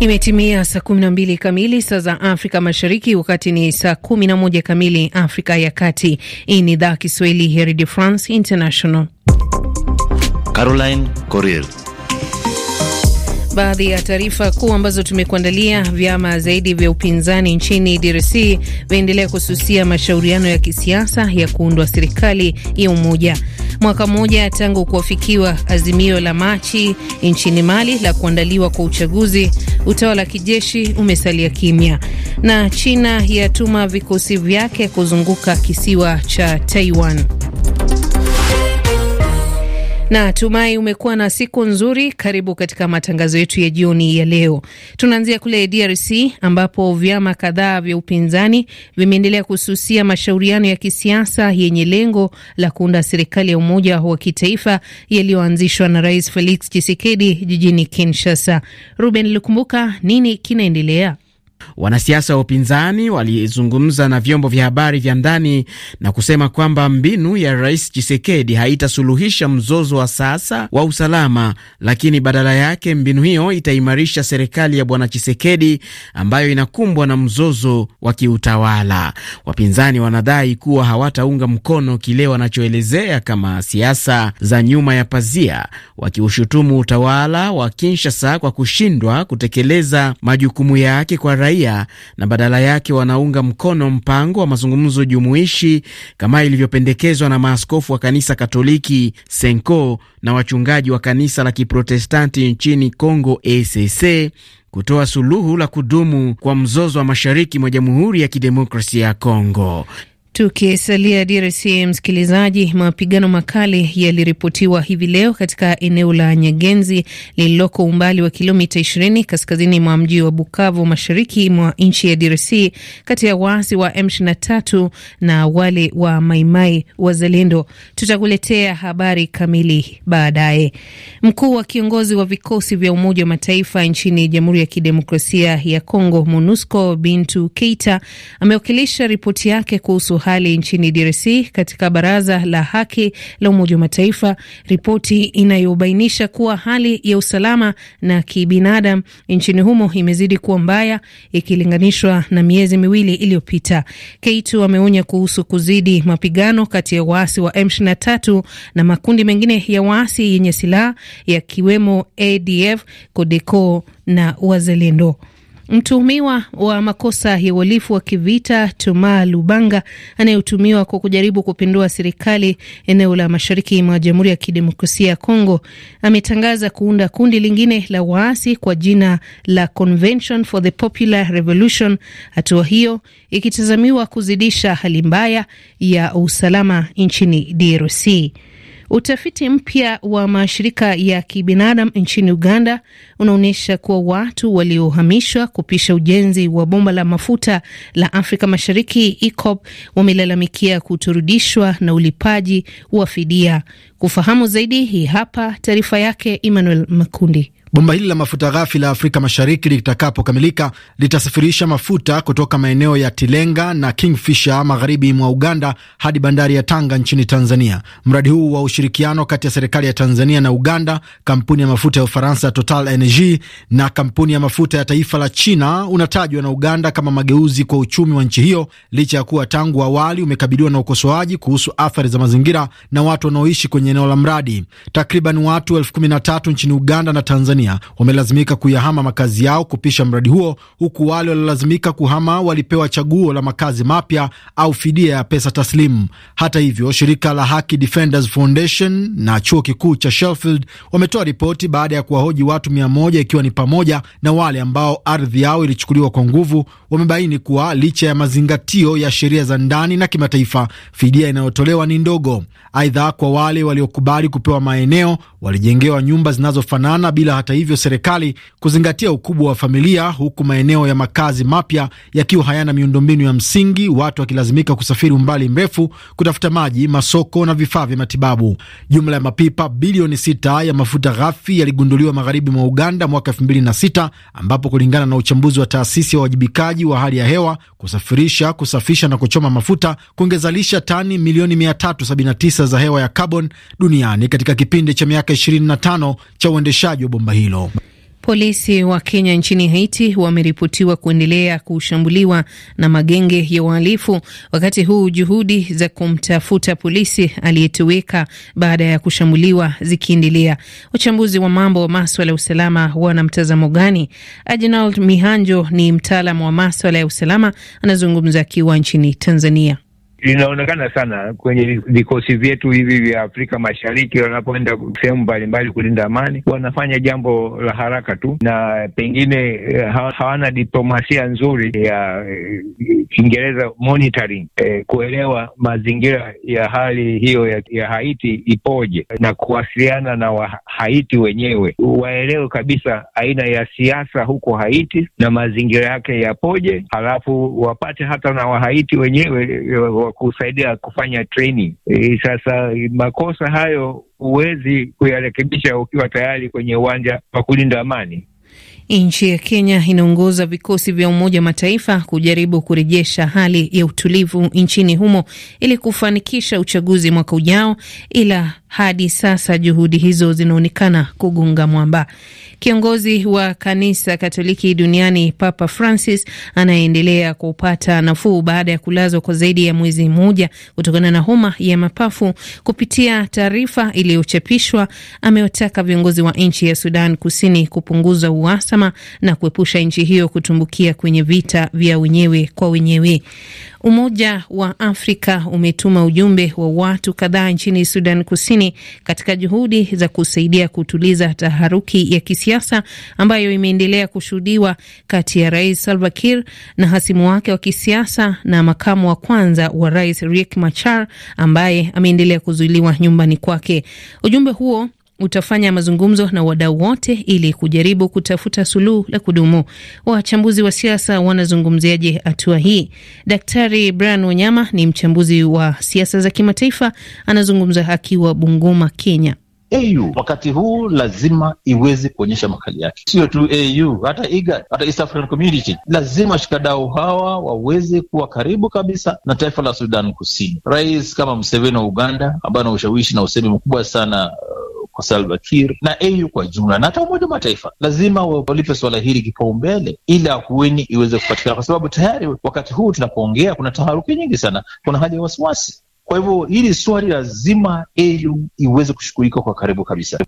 Imetimia saa 12 kamili saa za Afrika Mashariki, wakati ni saa 11 kamili Afrika ya Kati. Hii ni idhaa Kiswahili ya Radio France International. Caroline Coril Baadhi ya taarifa kuu ambazo tumekuandalia: vyama zaidi vya upinzani nchini DRC vyaendelea kususia mashauriano ya kisiasa ya kuundwa serikali ya umoja. Mwaka mmoja tangu kuafikiwa azimio la Machi nchini Mali la kuandaliwa kwa uchaguzi, utawala wa kijeshi umesalia kimya. Na China yatuma vikosi vyake kuzunguka kisiwa cha Taiwan. Na tumai umekuwa na siku nzuri. Karibu katika matangazo yetu ya jioni ya leo. Tunaanzia kule DRC ambapo vyama kadhaa vya upinzani vimeendelea kususia mashauriano ya kisiasa yenye lengo la kuunda serikali ya umoja wa kitaifa yaliyoanzishwa na Rais Felix Tshisekedi jijini Kinshasa. Ruben Lukumbuka, nini kinaendelea? Wanasiasa wa upinzani walizungumza na vyombo vya habari vya ndani na kusema kwamba mbinu ya Rais chisekedi haitasuluhisha mzozo wa sasa wa usalama, lakini badala yake mbinu hiyo itaimarisha serikali ya Bwana chisekedi ambayo inakumbwa na mzozo wa kiutawala. Wapinzani wanadai kuwa hawataunga mkono kile wanachoelezea kama siasa za nyuma ya pazia, wakiushutumu utawala wa Kinshasa kwa kushindwa kutekeleza majukumu yake kwa raia na badala yake wanaunga mkono mpango wa mazungumzo jumuishi kama ilivyopendekezwa na maaskofu wa kanisa Katoliki Senko na wachungaji wa kanisa la Kiprotestanti nchini congo ECC kutoa suluhu la kudumu kwa mzozo wa mashariki mwa Jamhuri ya Kidemokrasia ya congo Tukisalia DRC msikilizaji, mapigano makali yaliripotiwa hivi leo katika eneo la Nyegenzi lililoko umbali wa kilomita 20 kaskazini mwa mji wa Bukavu, mashariki mwa nchi ya DRC, kati ya waasi wa M23 na wale wa Maimai Wazalendo. Tutakuletea habari kamili baadaye. Mkuu wa kiongozi wa vikosi vya Umoja wa Mataifa nchini Jamhuri ya Kidemokrasia ya Kongo, MONUSCO, Bintu Keita amewakilisha ripoti yake kuhusu hali nchini DRC katika Baraza la Haki la Umoja wa Mataifa, ripoti inayobainisha kuwa hali ya usalama na kibinadamu nchini humo imezidi kuwa mbaya ikilinganishwa na miezi miwili iliyopita. Keitu ameonya kuhusu kuzidi mapigano kati ya waasi wa M23 na makundi mengine ya waasi yenye silaha yakiwemo ADF, Codeco na Wazalendo. Mtuhumiwa wa makosa ya uhalifu wa kivita Tuma Lubanga anayetumiwa kwa kujaribu kupindua serikali eneo la mashariki mwa Jamhuri ya Kidemokrasia ya Kongo ametangaza kuunda kundi lingine la waasi kwa jina la Convention for the Popular Revolution, hatua hiyo ikitazamiwa kuzidisha hali mbaya ya usalama nchini DRC. Utafiti mpya wa mashirika ya kibinadamu nchini Uganda unaonyesha kuwa watu waliohamishwa kupisha ujenzi wa bomba la mafuta la Afrika Mashariki ecop wamelalamikia kuturudishwa na ulipaji wa fidia. Kufahamu zaidi, hii hapa taarifa yake Emmanuel Makundi. Bomba hili la mafuta ghafi la Afrika Mashariki litakapokamilika litasafirisha mafuta kutoka maeneo ya Tilenga na Kingfisher magharibi mwa Uganda hadi bandari ya Tanga nchini Tanzania. Mradi huu wa ushirikiano kati ya serikali ya Tanzania na Uganda, kampuni ya mafuta ya Ufaransa Total Energy na kampuni ya mafuta ya taifa la China unatajwa na Uganda kama mageuzi kwa uchumi wa nchi hiyo, licha ya kuwa tangu awali umekabiliwa na ukosoaji kuhusu athari za mazingira na watu wanaoishi kwenye eneo la mradi. Takriban watu elfu kumi na tatu nchini Uganda na Tanzania Tanzania wamelazimika kuyahama makazi yao kupisha mradi huo, huku wale waliolazimika kuhama walipewa chaguo la makazi mapya au fidia ya pesa taslimu. Hata hivyo, shirika la Haki Defenders Foundation na chuo kikuu cha Sheffield wametoa ripoti baada ya kuwahoji watu mia moja ikiwa ni pamoja na wale ambao ardhi yao ilichukuliwa kwa nguvu. Wamebaini kuwa licha ya mazingatio ya sheria za ndani na kimataifa, fidia inayotolewa ni ndogo. Aidha, kwa wale waliokubali kupewa maeneo walijengewa nyumba zinazofanana bila hata hata hivyo serikali kuzingatia ukubwa wa familia, huku maeneo ya makazi mapya yakiwa hayana miundombinu ya msingi, watu wakilazimika kusafiri umbali mrefu kutafuta maji, masoko na vifaa vya matibabu. Jumla ya mapipa bilioni sita ya mafuta ghafi yaligunduliwa magharibi mwa Uganda mwaka sita ambapo kulingana na uchambuzi wa taasisi ya uwajibikaji wa hali ya hewa, kusafirisha, kusafisha na kuchoma mafuta kungezalisha tani milioni 379 za hewa ya carbon duniani katika kipindi cha miaka 25 cha uendeshaji wa bomba hili hilo. Polisi wa Kenya nchini Haiti wameripotiwa kuendelea kushambuliwa na magenge ya uhalifu, wakati huu juhudi za kumtafuta polisi aliyetoweka baada ya kushambuliwa zikiendelea. Wachambuzi wa mambo wa maswala ya usalama wana mtazamo gani? Ajinald Mihanjo ni mtaalamu wa maswala ya usalama, anazungumza akiwa nchini Tanzania linaonekana sana kwenye vikosi vyetu hivi vya Afrika Mashariki, wanapoenda sehemu mbalimbali kulinda amani, wanafanya jambo la haraka tu, na pengine eh, hawana diplomasia nzuri ya eh, Kiingereza monitoring, eh, kuelewa mazingira ya hali hiyo ya, ya Haiti ipoje na kuwasiliana na Wahaiti wenyewe waelewe kabisa aina ya siasa huko Haiti na mazingira yake yapoje, halafu wapate hata na Wahaiti wenyewe eh, kusaidia kufanya training. E, sasa makosa hayo huwezi kuyarekebisha ukiwa tayari kwenye uwanja wa kulinda amani. Nchi ya Kenya inaongoza vikosi vya Umoja wa Mataifa kujaribu kurejesha hali ya utulivu nchini humo ili kufanikisha uchaguzi mwaka ujao, ila hadi sasa juhudi hizo zinaonekana kugonga mwamba. Kiongozi wa kanisa Katoliki duniani Papa Francis anayeendelea kupata nafuu baada ya kulazwa kwa zaidi ya mwezi mmoja kutokana na homa ya mapafu, kupitia taarifa iliyochapishwa amewataka viongozi wa nchi ya Sudan Kusini kupunguza uhasama na kuepusha nchi hiyo kutumbukia kwenye vita vya wenyewe kwa wenyewe. Umoja wa Afrika umetuma ujumbe wa watu kadhaa nchini Sudan Kusini katika juhudi za kusaidia kutuliza taharuki ya kisiasa ambayo imeendelea kushuhudiwa kati ya Rais Salva Kiir na hasimu wake wa kisiasa na makamu wa kwanza wa rais Riek Machar ambaye ameendelea kuzuiliwa nyumbani kwake. Ujumbe huo utafanya mazungumzo na wadau wote ili kujaribu kutafuta suluhu la kudumu. Wachambuzi wa siasa wanazungumziaje hatua hii? Daktari Brian Wanyama ni mchambuzi wa siasa za kimataifa, anazungumza akiwa Bungoma, Kenya. AU wakati huu lazima iweze kuonyesha makali yake, sio tu AU, hata IGAD, hata East African Community. Lazima washikadau hawa waweze kuwa karibu kabisa na taifa la Sudan Kusini. Rais kama Museveni wa Uganda, ambaye ana ushawishi na usemi mkubwa sana kwa Salva Kiir na AU kwa jumla na hata Umoja wa Mataifa lazima walipe suala hili kipaumbele ili ahueni iweze kupatikana, kwa sababu tayari wakati huu tunapoongea kuna taharuki nyingi sana, kuna hali ya wasiwasi. Kwa hivyo hili swali lazima elu iweze kushughulika kwa karibu kabisa.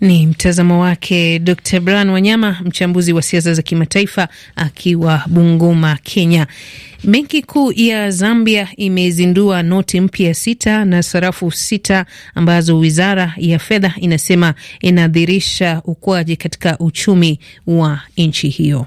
Ni mtazamo wake Dr. Brian Wanyama, mchambuzi wa siasa za kimataifa akiwa Bungoma, Kenya. Benki Kuu ya Zambia imezindua noti mpya sita na sarafu sita ambazo wizara ya fedha inasema inadhirisha ukuaji katika uchumi wa nchi hiyo.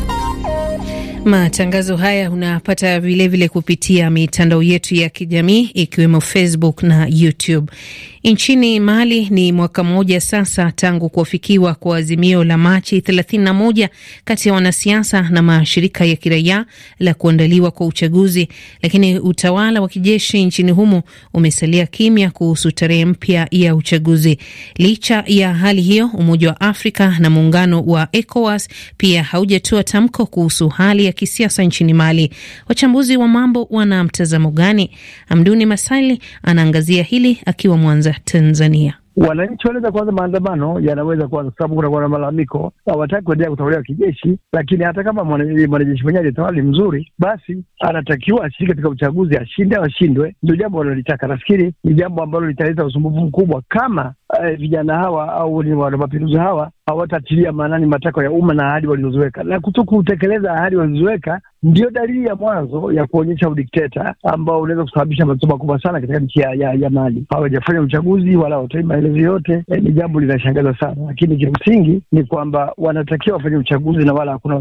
Matangazo haya unapata vilevile kupitia mitandao yetu ya kijamii ikiwemo Facebook na YouTube. Nchini Mali ni mwaka mmoja sasa tangu kuafikiwa kwa azimio la Machi 31 kati ya wanasiasa na mashirika ya kiraia la kuandaliwa kwa uchaguzi, lakini utawala wa kijeshi nchini humo umesalia kimya kuhusu tarehe mpya ya uchaguzi. Licha ya hali hiyo, Umoja wa Afrika na muungano wa ECOWAS pia haujatoa tamko kuhusu hali ya kisiasa nchini Mali. Wachambuzi wa mambo wana mtazamo gani? Amduni Masali anaangazia hili akiwa Mwanza, Tanzania. Wananchi wanaweza kuanza maandamano, yanaweza kuanza, sababu kunakuwa na malalamiko. Hawataki kuendelea kutawaliwa kijeshi, lakini hata kama mwanajeshi mwenyewe alitawali mzuri, basi anatakiwa ashiriki katika uchaguzi, ashinde au ashindwe. Ndio jambo wanalitaka. Nafikiri ni jambo ambalo litaleta usumbufu mkubwa kama Eh, vijana hawa au ni mapinduzi hawa hawatatilia maanani matakwa ya umma na ahadi walizoziweka, na kuto kutekeleza ahadi walizoziweka ndiyo dalili ya mwanzo ya kuonyesha udikteta ambao unaweza kusababisha matatizo makubwa sana katika nchi ya, ya, ya Mali. Hawajafanya uchaguzi wala hawatoi maelezo yote. E, ni jambo linashangaza sana, lakini kimsingi ni kwamba wanatakiwa wafanye uchaguzi na wala hakuna.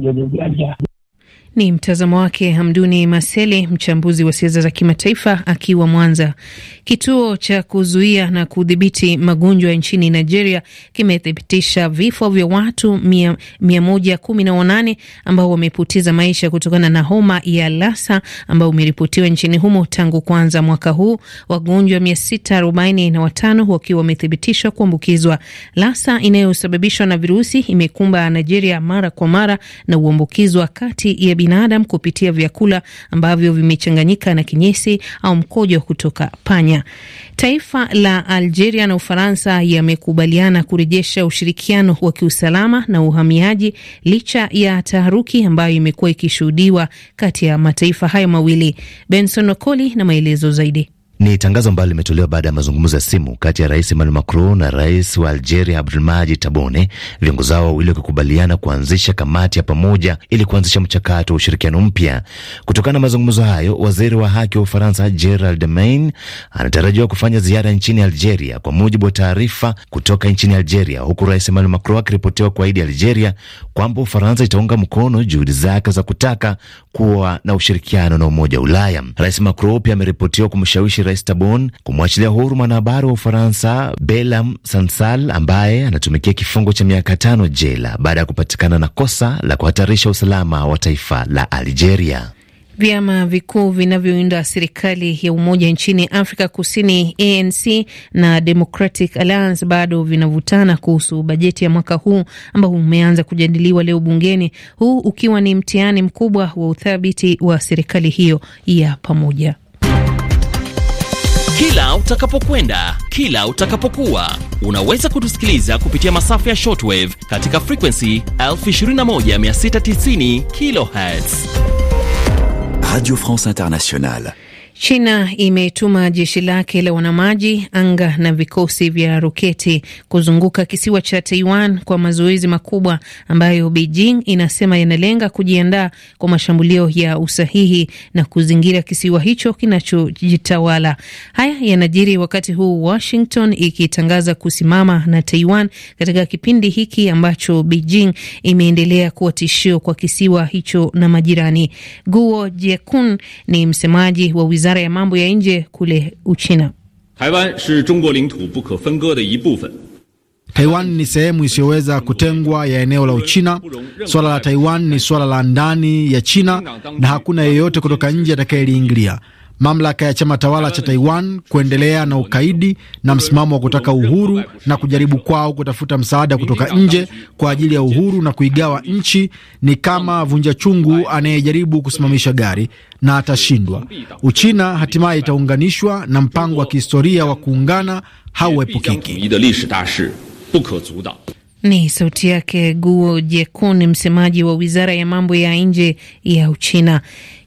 Ni mtazamo wake Hamduni Maseli, mchambuzi wa siasa za kimataifa akiwa Mwanza. Kituo cha kuzuia na kudhibiti magonjwa nchini Nigeria kimethibitisha vifo vya watu mia, moja kumi na wanane ambao wamepoteza maisha kutokana na homa ya Lassa ambayo umeripotiwa nchini humo tangu kwanza mwaka huu, wagonjwa mia sita arobaini na watano wakiwa wamethibitishwa kuambukizwa Lassa inayosababishwa na virusi imekumba Nigeria mara kwa mara na uambukizwa kati ya binadamu kupitia vyakula ambavyo vimechanganyika na kinyesi au mkojo kutoka panya. Taifa la Algeria na Ufaransa yamekubaliana kurejesha ushirikiano wa kiusalama na uhamiaji licha ya taharuki ambayo imekuwa ikishuhudiwa kati ya mataifa hayo mawili. Benson Okoli na maelezo zaidi. Ni tangazo ambalo limetolewa baada ya mazungumzo ya simu kati ya Rais Emmanuel Macron na rais wa Algeria Abdelmadjid Tabone, viongozi hao wawili wakikubaliana kuanzisha kamati ya pamoja ili kuanzisha mchakato wa ushirikiano mpya. Kutokana na mazungumzo hayo, waziri wa haki wa Ufaransa Gerald Main anatarajiwa kufanya ziara nchini Algeria kwa mujibu wa taarifa kutoka nchini Algeria, huku Rais Emmanuel Macron akiripotiwa kuahidi Algeria kwamba Ufaransa itaunga mkono juhudi zake za kutaka kuwa na ushirikiano na Umoja wa Ulaya. Rais Macron pia ameripotiwa kumshawishi Tabon kumwachilia huru mwanahabari wa Ufaransa Belam Sansal ambaye anatumikia kifungo cha miaka tano jela baada ya kupatikana na kosa la kuhatarisha usalama wa taifa la Algeria. Vyama vikuu vinavyounda serikali ya umoja nchini Afrika Kusini, ANC na Democratic Alliance, bado vinavutana kuhusu bajeti ya mwaka huu ambao umeanza kujadiliwa leo bungeni, huu ukiwa ni mtihani mkubwa wa uthabiti wa serikali hiyo ya pamoja. Kila utakapokwenda, kila utakapokuwa, unaweza kutusikiliza kupitia masafa ya shortwave katika frequency 21690 kHz. Radio France Internationale. China imetuma jeshi lake la wanamaji, anga na vikosi vya roketi kuzunguka kisiwa cha Taiwan kwa mazoezi makubwa ambayo Beijing inasema yanalenga kujiandaa kwa mashambulio ya usahihi na kuzingira kisiwa hicho kinachojitawala. Haya yanajiri wakati huu Washington ikitangaza kusimama na Taiwan katika kipindi hiki ambacho Beijing imeendelea kuwa tishio kwa kisiwa hicho na majirani. Guo Jiakun ni msemaji wa wizara wizara ya mambo ya nje kule Uchina. Taiwan ni sehemu isiyoweza kutengwa ya eneo la Uchina. Swala la Taiwan ni swala la ndani ya China na hakuna yeyote kutoka nje atakayeliingilia mamlaka ya chama tawala cha Taiwan kuendelea na ukaidi na msimamo wa kutaka uhuru na kujaribu kwao kutafuta msaada kutoka nje kwa ajili ya uhuru na kuigawa nchi ni kama vunja chungu anayejaribu kusimamisha gari na atashindwa. Uchina hatimaye itaunganishwa na mpango wa kihistoria wa kuungana hauepukiki. Ni sauti yake Guo Jekun, msemaji wa wizara ya mambo ya nje ya Uchina.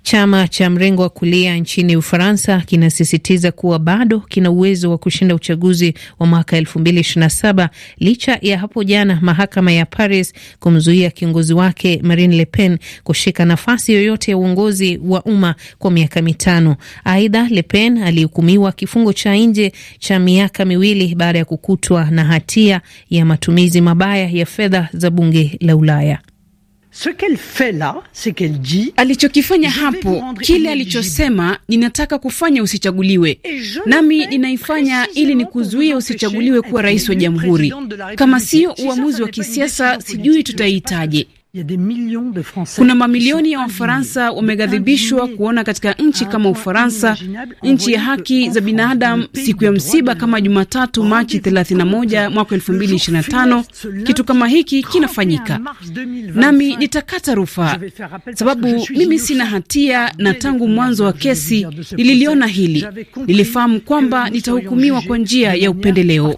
Chama cha mrengo wa kulia nchini Ufaransa kinasisitiza kuwa bado kina uwezo wa kushinda uchaguzi wa mwaka 2027 licha ya hapo jana mahakama ya Paris kumzuia kiongozi wake Marine Le Pen kushika nafasi yoyote ya uongozi wa umma kwa miaka mitano. Aidha, Le Pen alihukumiwa kifungo cha nje cha miaka miwili baada ya kukutwa na hatia ya matumizi mabaya ya fedha za bunge la Ulaya. Alichokifanya hapo, kile alichosema, ninataka kufanya usichaguliwe, nami ninaifanya ili ni kuzuia usichaguliwe kuwa rais wa jamhuri. Kama sio uamuzi wa kisiasa, sijui tutaitaje. Kuna mamilioni ya Wafaransa wameghadhibishwa kuona katika nchi kama Ufaransa, nchi ya haki za binadamu, siku ya msiba kama Jumatatu Machi 31 mwaka 2025 kitu kama hiki kinafanyika, nami nitakata rufaa sababu mimi sina hatia, na tangu mwanzo wa kesi nililiona hili, nilifahamu kwamba nitahukumiwa kwa njia ya upendeleo.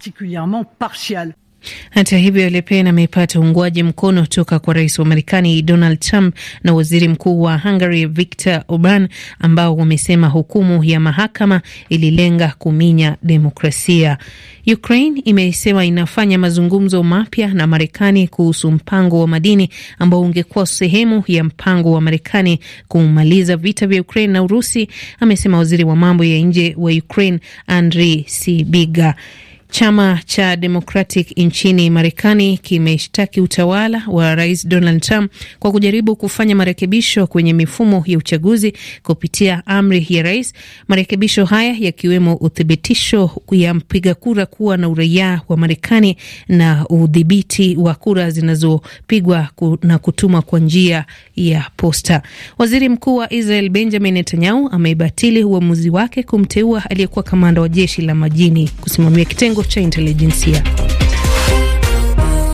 Hata hivyo, Le Pen amepata uungwaji mkono toka kwa rais wa Marekani Donald Trump na waziri mkuu wa Hungary Viktor Orban, ambao wamesema hukumu ya mahakama ililenga kuminya demokrasia. Ukraine imesema inafanya mazungumzo mapya na Marekani kuhusu mpango wa madini ambao ungekuwa sehemu ya mpango wa Marekani kumaliza vita vya Ukraine na Urusi, amesema waziri wa mambo ya nje wa Ukraine Andriy Sybiga. Chama cha Democratic nchini Marekani kimeshtaki utawala wa Rais Donald Trump kwa kujaribu kufanya marekebisho kwenye mifumo ya uchaguzi kupitia amri ya rais, marekebisho haya yakiwemo uthibitisho ya mpiga kura kuwa na uraia wa Marekani na udhibiti wa kura zinazopigwa na kutumwa kwa njia ya posta. Waziri Mkuu wa Israel Benjamin Netanyahu amebatili uamuzi wake kumteua aliyekuwa kamanda wa jeshi la majini kusimamia kitengo kitengo cha intelijensia.